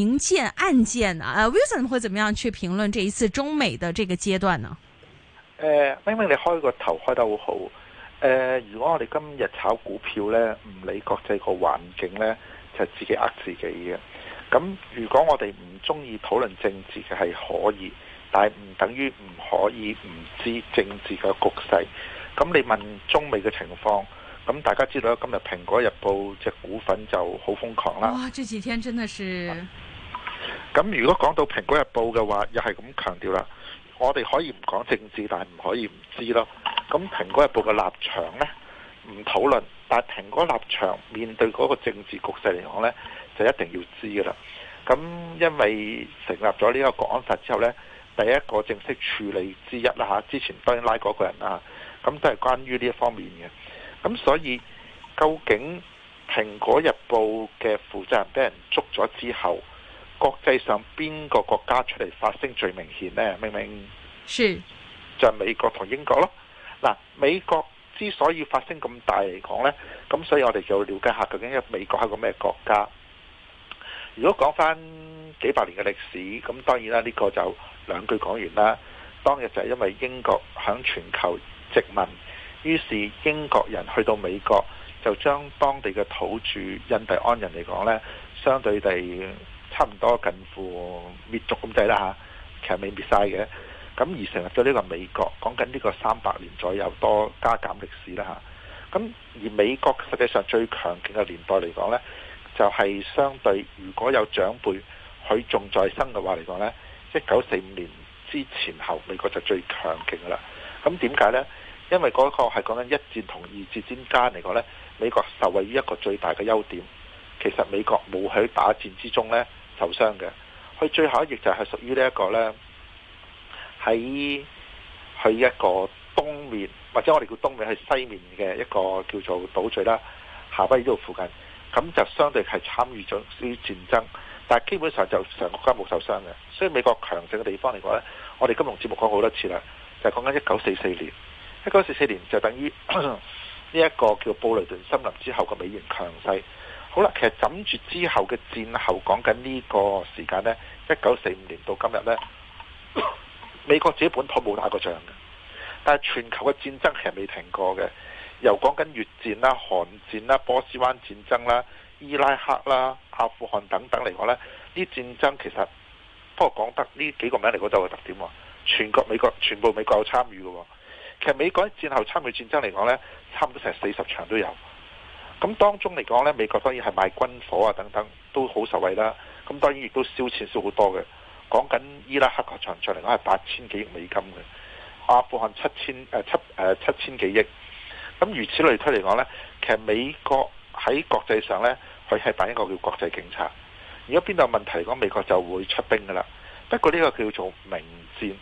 明戰暗箭啊！Wilson 會怎麼樣去評論這一次中美的這個階段呢？誒、呃，明明你開個頭開得好好。誒、呃，如果我哋今日炒股票咧，唔理國際個環境咧，就自己呃自己嘅。咁如果我哋唔中意討論政治嘅係可以，但係唔等於唔可以唔知政治嘅局勢。咁你問中美嘅情況，咁大家知道今日蘋果日報隻股份就好瘋狂啦。哇，這幾天真的是～、啊咁如果講到蘋果日報嘅話，又係咁強調啦，我哋可以唔講政治，但係唔可以唔知咯。咁蘋果日報嘅立場呢，唔討論，但係蘋果立場面對嗰個政治局勢嚟講呢，就一定要知噶啦。咁因為成立咗呢個國安法之後呢，第一個正式處理之一啦吓，之前當然拉嗰個人啦，咁都係關於呢一方面嘅。咁所以究竟蘋果日報嘅負責人俾人捉咗之後，國際上邊個國家出嚟發聲最明顯呢，明明就係美國同英國咯。嗱、啊，美國之所以發聲咁大嚟講呢，咁所以我哋就了解一下究竟美國係個咩國家。如果講翻幾百年嘅歷史，咁當然啦，呢、這個就兩句講完啦。當日就係因為英國響全球殖民，於是英國人去到美國就將當地嘅土著印第安人嚟講呢，相對地。差唔多近乎滅族咁滯啦嚇，其實未滅晒嘅。咁而成日對呢個美國講緊呢個三百年左右多加減歷史啦嚇。咁而美國實際上最強勁嘅年代嚟講呢，就係相對如果有長輩佢仲在生嘅話嚟講呢，一九四五年之前後美國就最強勁噶啦。咁點解呢？因為嗰個係講緊一戰同二戰之間嚟講呢，美國受惠於一個最大嘅優點，其實美國冇喺打戰之中呢。受傷嘅，佢最後一役就係屬於呢一個呢，喺佢一個東面或者我哋叫東面，係西面嘅一個叫做島嶼啦，夏威夷呢度附近，咁就相對係參與咗呢啲戰爭，但係基本上就成個國家冇受傷嘅，所以美國強盛嘅地方嚟講呢，我哋金融節目講好多次啦，就係講緊一九四四年，一九四四年就等於呢一個叫布雷頓森林之後嘅美元強勢。好啦，其實枕住之後嘅戰後講緊呢個時間呢，一九四五年到今日呢，美國自己本土冇打過仗嘅，但係全球嘅戰爭其實未停過嘅。由講緊越戰啦、韓戰啦、波斯灣戰爭啦、伊拉克啦、阿富汗等等嚟講呢，啲戰爭其實不過講得呢幾個名嚟講就係特點喎。全國美國全部美國有參與嘅喎，其實美國喺戰後參與戰爭嚟講呢，差唔多成四十場都有。咁當中嚟講呢，美國當然係賣軍火啊，等等都好受惠啦。咁當然亦都燒錢燒好多嘅。講緊伊拉克個場場嚟講係八千幾億美金嘅，阿富汗七千七七千幾億。咁如此類推嚟講呢，其實美國喺國際上呢，佢係扮演一個叫國際警察。如果邊度有問題嚟講，美國就會出兵噶啦。不過呢個叫做明戰，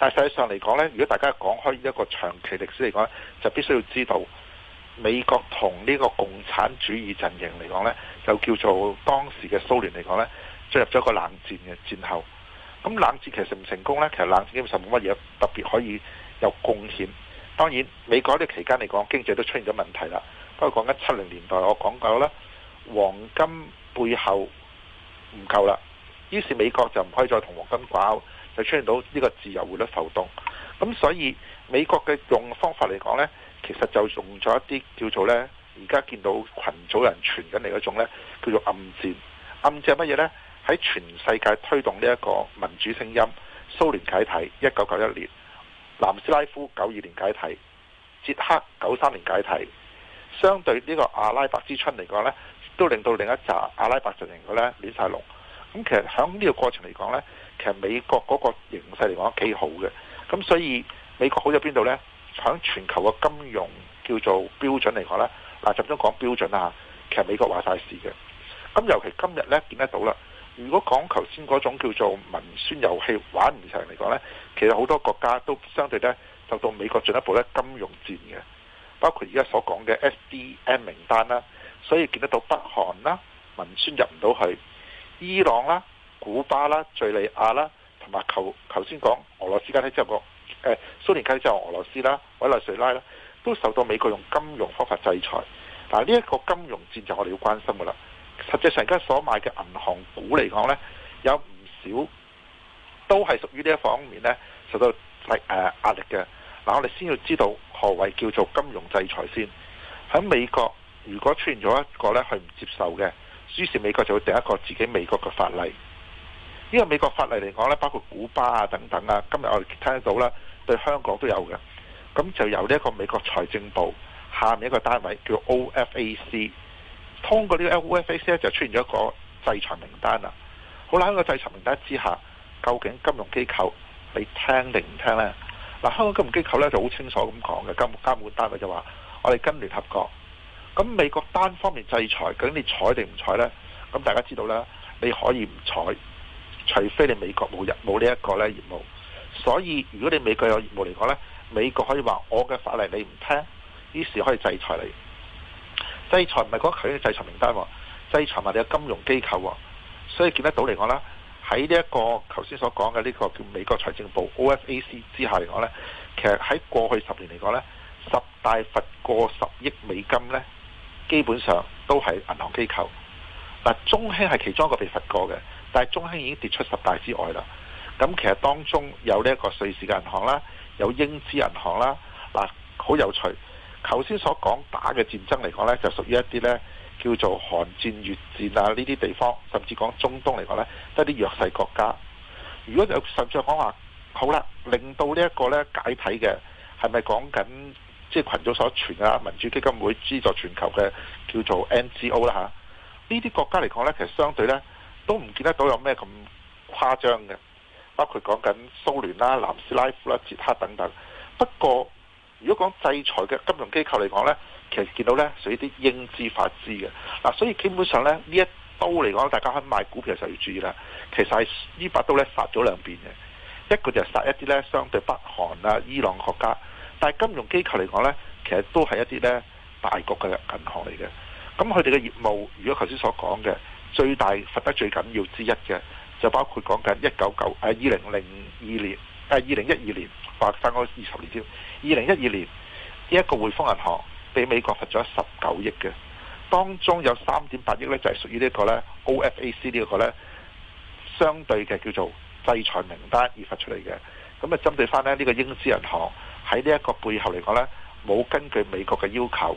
但實際上嚟講呢，如果大家講開一個長期歷史嚟講，就必須要知道。美國同呢個共產主義陣營嚟講呢，就叫做當時嘅蘇聯嚟講呢，進入咗個冷戰嘅戰後。咁冷戰其實唔成，成功呢，其實冷戰基本上冇乜嘢特別可以有貢獻。當然美國呢期間嚟講，經濟都出現咗問題啦。不過講緊七零年代，我講過啦。黃金背後唔夠啦，於是美國就唔可以再同黃金掛鈎，就出現到呢個自由匯率浮動。咁所以美國嘅用的方法嚟講呢。其實就用咗一啲叫做呢。而家見到群組的人傳緊嚟嗰種咧，叫做暗箭。暗箭乜嘢呢？喺全世界推動呢一個民主聲音。蘇聯解體一九九一年，南斯拉夫九二年解體，捷克九三年解體。相對呢個阿拉伯之春嚟講呢，都令到另一紮阿拉伯陣營佢呢亂晒龍。咁其實喺呢個過程嚟講呢，其實美國嗰個形勢嚟講幾好嘅。咁所以美國好喺邊度呢？喺全球嘅金融叫做標準嚟講呢，嗱，集中講標準啊，其實美國話晒事嘅。咁尤其今日呢，見得到啦，如果講頭先嗰種叫做文宣遊戲玩唔成嚟講呢，其實好多國家都相對呢就到美國進一步呢金融戰嘅，包括而家所講嘅 SDN 名單啦，所以見得到北韓啦，文宣入唔到去，伊朗啦、古巴啦、敍利亞啦，同埋頭頭先講俄羅斯家都接受過。誒、呃，蘇聯解體俄羅斯啦，委內瑞拉啦，都受到美國用金融方法制裁。嗱，呢一個金融戰就我哋要關心噶啦。實際上而家所買嘅銀行股嚟講呢，有唔少都係屬於呢一方面呢受到、呃、壓力壓力嘅。嗱，我哋先要知道何謂叫做金融制裁先。喺美國，如果出現咗一個呢，佢唔接受嘅，於是美國就會定一個自己美國嘅法例。呢個美國法例嚟講呢，包括古巴啊等等啊，今日我哋聽得到啦。對香港都有嘅，咁就由呢一個美國財政部下面一個單位叫 OFAC，通過呢個 OFAC 就出現咗一個制裁名單啦。好啦，喺個制裁名單之下，究竟金融機構你聽定唔聽呢？嗱，香港金融機構呢就好清楚咁講嘅，監監管單位就話：我哋跟聯合國。咁美國單方面制裁，究竟你睬定唔睬呢？咁大家知道啦，你可以唔睬，除非你美國冇入冇呢一個呢業務。所以如果你美國有業務嚟講呢，美國可以話我嘅法例你唔聽，於是可以制裁你。制裁唔係講佢嘅制裁名單喎，制裁埋你嘅金融機構喎。所以見得到嚟講呢，喺呢一個頭先所講嘅呢個叫美國財政部 OFAC 之下嚟講呢，其實喺過去十年嚟講呢，十大罰過十億美金呢，基本上都係銀行機構。嗱，中興係其中一個被罰過嘅，但係中興已經跌出十大之外啦。咁其實當中有呢一個瑞士嘅銀行啦，有英資銀行啦，嗱，好有趣。頭先所講打嘅戰爭嚟講呢，就屬於一啲呢叫做韓戰、越戰啊呢啲地方，甚至講中東嚟講呢，都係啲弱勢國家。如果就甚至講話，好啦，令到呢一個呢解體嘅，係咪講緊即係群組所傳啊？民主基金會資助全球嘅叫做 NGO 啦吓。呢啲國家嚟講呢，其實相對呢，都唔見得到有咩咁誇張嘅。包括講緊蘇聯啦、南斯拉夫啦、捷克等等。不過，如果講制裁嘅金融機構嚟講呢，其實見到呢屬於啲英資、法資嘅嗱，所以基本上呢，呢一刀嚟講，大家喺買股票嘅時候要注意啦。其實係呢把刀呢，殺咗兩邊嘅，一個就係殺一啲呢相對北韓啊、伊朗國家，但係金融機構嚟講呢，其實都係一啲呢大國嘅銀行嚟嘅。咁佢哋嘅業務，如果頭先所講嘅最大罰得最緊要之一嘅。就包括講緊一九九誒二零零二年誒二零一二年發生嗰二十年添，二零一二年呢一個匯豐銀行俾美國罰咗十九億嘅，當中有三點八億呢，就係屬於呢一個呢 OFAC 呢個呢相對嘅叫做制裁名單而罰出嚟嘅。咁啊針對翻咧呢個英資銀行喺呢一個背後嚟講呢，冇根據美國嘅要求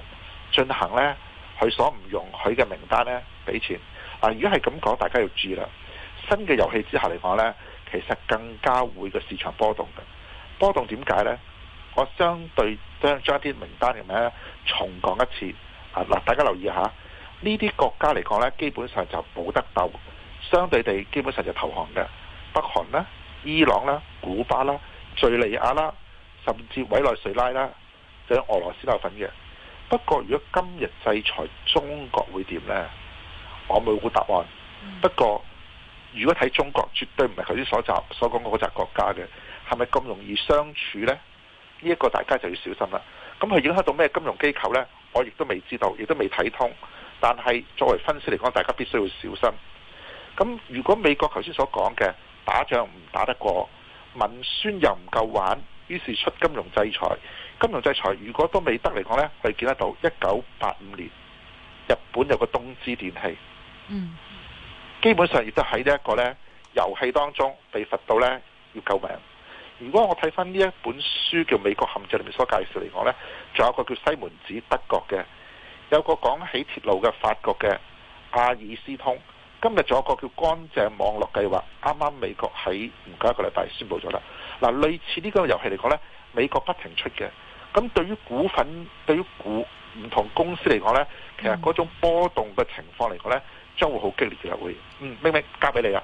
進行呢佢所唔容許嘅名單呢俾錢啊！如果係咁講，大家要注意啦。新嘅遊戲之下嚟講呢，其實更加會個市場波動嘅。波動點解呢？我相對將將一啲名單嘅名重講一次啊！嗱，大家留意一下，呢啲國家嚟講呢，基本上就冇得鬥，相對地基本上就投降嘅。北韓啦、伊朗啦、古巴啦、敍利亞啦，甚至委內瑞拉啦，就俄羅斯都有份嘅。不過，如果今日制裁中國會點呢？我冇答案、嗯。不過。如果睇中國，絕對唔係頭先所講所講嗰集國家嘅，係咪咁容易相處呢？呢、呢、一個大家就要小心啦。咁佢影響到咩金融機構呢？我亦都未知道，亦都未睇通。但係作為分析嚟講，大家必須要小心。咁如果美國頭先所講嘅打仗唔打得過，文宣又唔夠玩，於是出金融制裁。金融制裁如果都未得嚟講呢，佢哋見得到一九八五年日本有個東芝電器。嗯。基本上亦都喺呢一個呢遊戲當中被罰到呢，要救命。如果我睇翻呢一本書叫《美國陷阱》裏面所介紹嚟講呢，仲有一個叫西門子德國嘅，有個講起鐵路嘅法國嘅阿爾斯通。今日仲有一個叫乾淨網絡計劃，啱啱美國喺唔夠一個禮拜宣布咗啦。嗱，類似呢個遊戲嚟講呢，美國不停出嘅。咁對於股份，對於股唔同公司嚟講呢，其實嗰種波動嘅情況嚟講呢。嗯嗯將會好激烈嘅會，嗯，明明交俾你啊。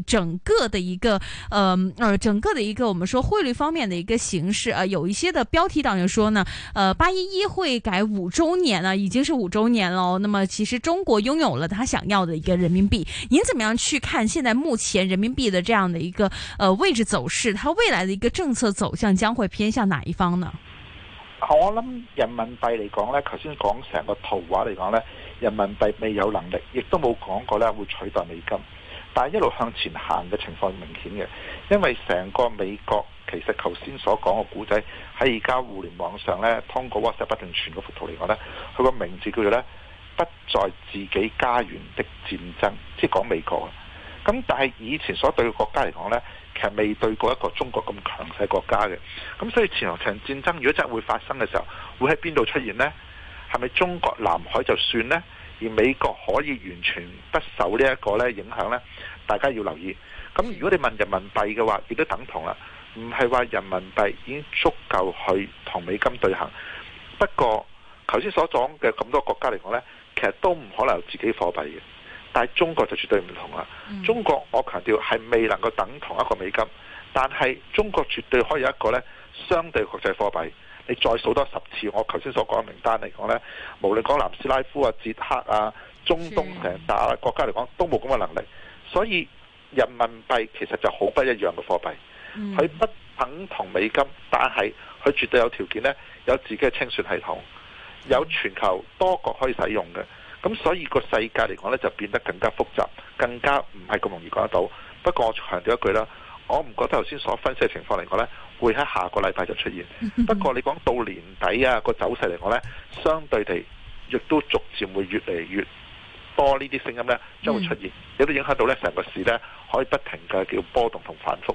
整個的一個呃呃，整個的一個我們說匯率方面的一個形勢。啊、呃，有一些的標題黨就說呢，呃，八一一會改五周年啊已經是五周年了。那麼，其實中國擁有了他想要的一個人民幣，您怎麼樣去看現在目前人民幣的這樣的一個呃位置走勢？它未來的一個政策走向將會偏向哪一方呢？我諗人民幣嚟講呢，頭先講成個圖畫嚟講呢，人民幣未有能力，亦都冇講過呢會取代美金。但係一路向前行嘅情況明顯嘅，因為成個美國其實頭先所講嘅古仔喺而家互聯網上呢，通過 WhatsApp 不斷傳嗰幅圖嚟講呢，佢個名字叫做呢不在自己家園的戰爭，即係講美國啊。咁但係以前所對嘅國家嚟講呢，其實未對過一個中國咁強勢國家嘅。咁所以前場戰爭如果真係會發生嘅時候，會喺邊度出現呢？係咪中國南海就算呢？而美國可以完全不受呢一個咧影響，大家要留意。咁如果你問人民幣嘅話，亦都等同啦，唔係話人民幣已經足夠去同美金對行。不過頭先所講嘅咁多國家嚟講呢，其實都唔可能有自己貨幣嘅。但係中國就絕對唔同啦。嗯。中國我強調係未能夠等同一個美金，但係中國絕對可以有一個呢相對國際貨幣。你再數多十次，我頭先所講嘅名單嚟講呢，無論講南斯拉夫啊、捷克啊、中東成打國家嚟講，都冇咁嘅能力。所以人民幣其實就好不一樣嘅貨幣，佢、嗯、不等同美金，但係佢絕對有條件呢，有自己嘅清算系統，有全球多國可以使用嘅。咁所以個世界嚟講呢，就變得更加複雜，更加唔係咁容易講得到。不過我強調一句啦，我唔覺得頭先所分析嘅情況嚟講呢。會喺下個禮拜就出現。 不過你講到年底啊，個走勢嚟講呢，相對地亦都逐漸會越嚟越多呢啲聲音呢將會出現亦 都影響到呢成個市呢，可以不停嘅叫波動同反覆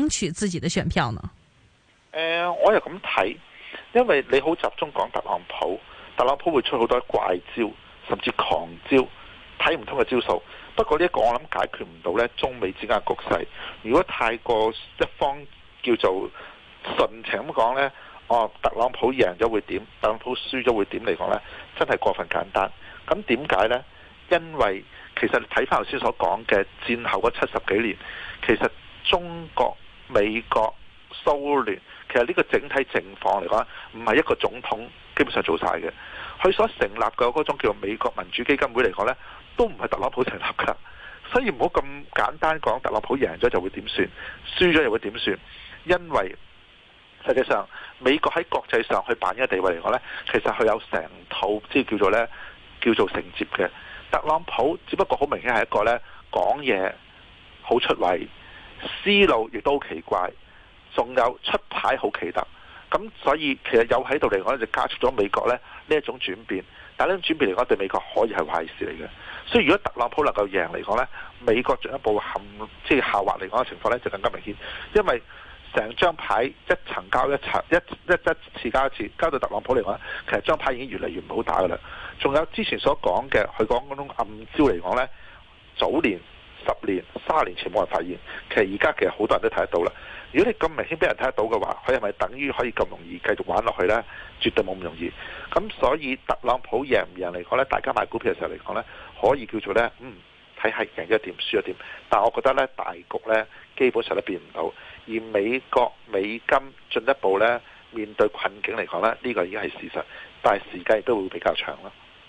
爭取自己的選票呢？呃，我又咁睇，因為你好集中講特朗普，特朗普會出好多怪招，甚至狂招，睇唔通嘅招數。不過呢一個我諗解決唔到呢中美之間嘅局勢。如果太過一方叫做純情咁講呢，哦，特朗普贏咗會點？特朗普輸咗會點？嚟講呢，真係過分簡單。咁點解呢？因為其實睇翻頭先所講嘅戰後嗰七十幾年，其實中國。美國、蘇聯，其實呢個整體情況嚟講，唔係一個總統基本上做晒嘅。佢所成立嘅嗰種叫做美國民主基金會嚟講呢，都唔係特朗普成立㗎。所以唔好咁簡單講，特朗普贏咗就會點算，輸咗又會點算。因為實際上美國喺國際上去扮演嘅地位嚟講呢，其實佢有成套即係叫做呢，叫做承接嘅。特朗普只不過好明顯係一個呢，講嘢好出位。思路亦都好奇怪，仲有出牌好奇特，咁所以其實有喺度嚟講就加速咗美國呢呢一種轉變，但呢種轉變嚟講對美國可以係壞事嚟嘅。所以如果特朗普能夠贏嚟講呢，美國進一步陷即係下滑嚟講嘅情況呢，就更加明顯，因為成張牌一層交一層一一一,一次交一次，交到特朗普嚟講，其實張牌已經越嚟越唔好打噶啦。仲有之前所講嘅，佢講嗰種暗招嚟講呢，早年。十年、三十年前冇人發現，其實而家其實好多人都睇得到啦。如果你咁明顯俾人睇得到嘅話，佢係咪等於可以咁容易繼續玩落去呢？絕對冇咁容易。咁所以特朗普贏唔贏嚟講呢，大家買股票嘅時候嚟講呢，可以叫做呢，嗯，睇係贏咗點、輸咗點。但我覺得呢，大局呢，基本上都變唔到，而美國美金進一步呢，面對困境嚟講呢，呢個已經係事實，但係時間亦都會比較長啦。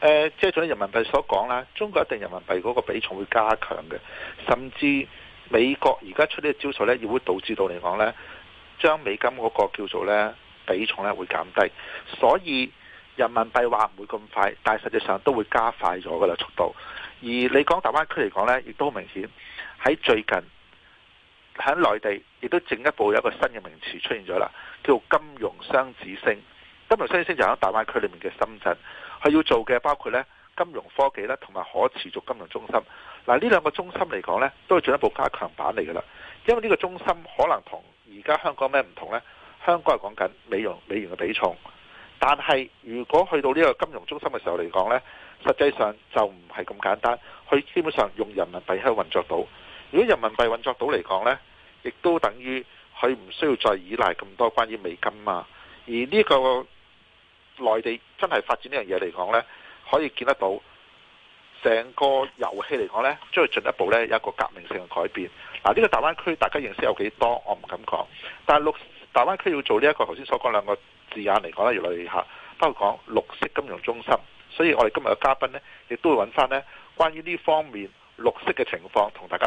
誒、呃，即係總之人民幣所講啦，中國一定人民幣嗰個比重會加強嘅，甚至美國而家出呢個招數呢，亦會導致到嚟講呢將美金嗰個叫做呢比重呢會減低，所以人民幣話唔會咁快，但係實際上都會加快咗噶啦速度。而你講大灣區嚟講呢，亦都好明顯喺最近喺內地亦都進一步有一個新嘅名詞出現咗啦，叫做金融雙子星。金融雙子星就喺大灣區裏面嘅深圳。佢要做嘅包括呢，金融科技啦，同埋可持續金融中心。嗱、啊，呢兩個中心嚟講呢，都係進一步加強版嚟噶啦。因為呢個中心可能同而家香港咩唔同呢？香港係講緊美容美元嘅比重，但係如果去到呢個金融中心嘅時候嚟講呢，實際上就唔係咁簡單。佢基本上用人民幣去運作到。如果人民幣運作到嚟講呢，亦都等於佢唔需要再依賴咁多關於美金嘛。而呢、這個內地真係發展這件事來呢樣嘢嚟講咧，可以見得到成個遊戲嚟講咧，將會進一步咧有一個革命性嘅改變嗱，呢、啊這個大灣區大家認識有幾多？我唔敢講，但係綠大灣區要做呢、這、一個頭先所講兩個字眼嚟講咧，越來越嚇。包括講綠色金融中心，所以我哋今日嘅嘉賓咧，亦都會揾翻咧關於呢方面綠色嘅情況同大家。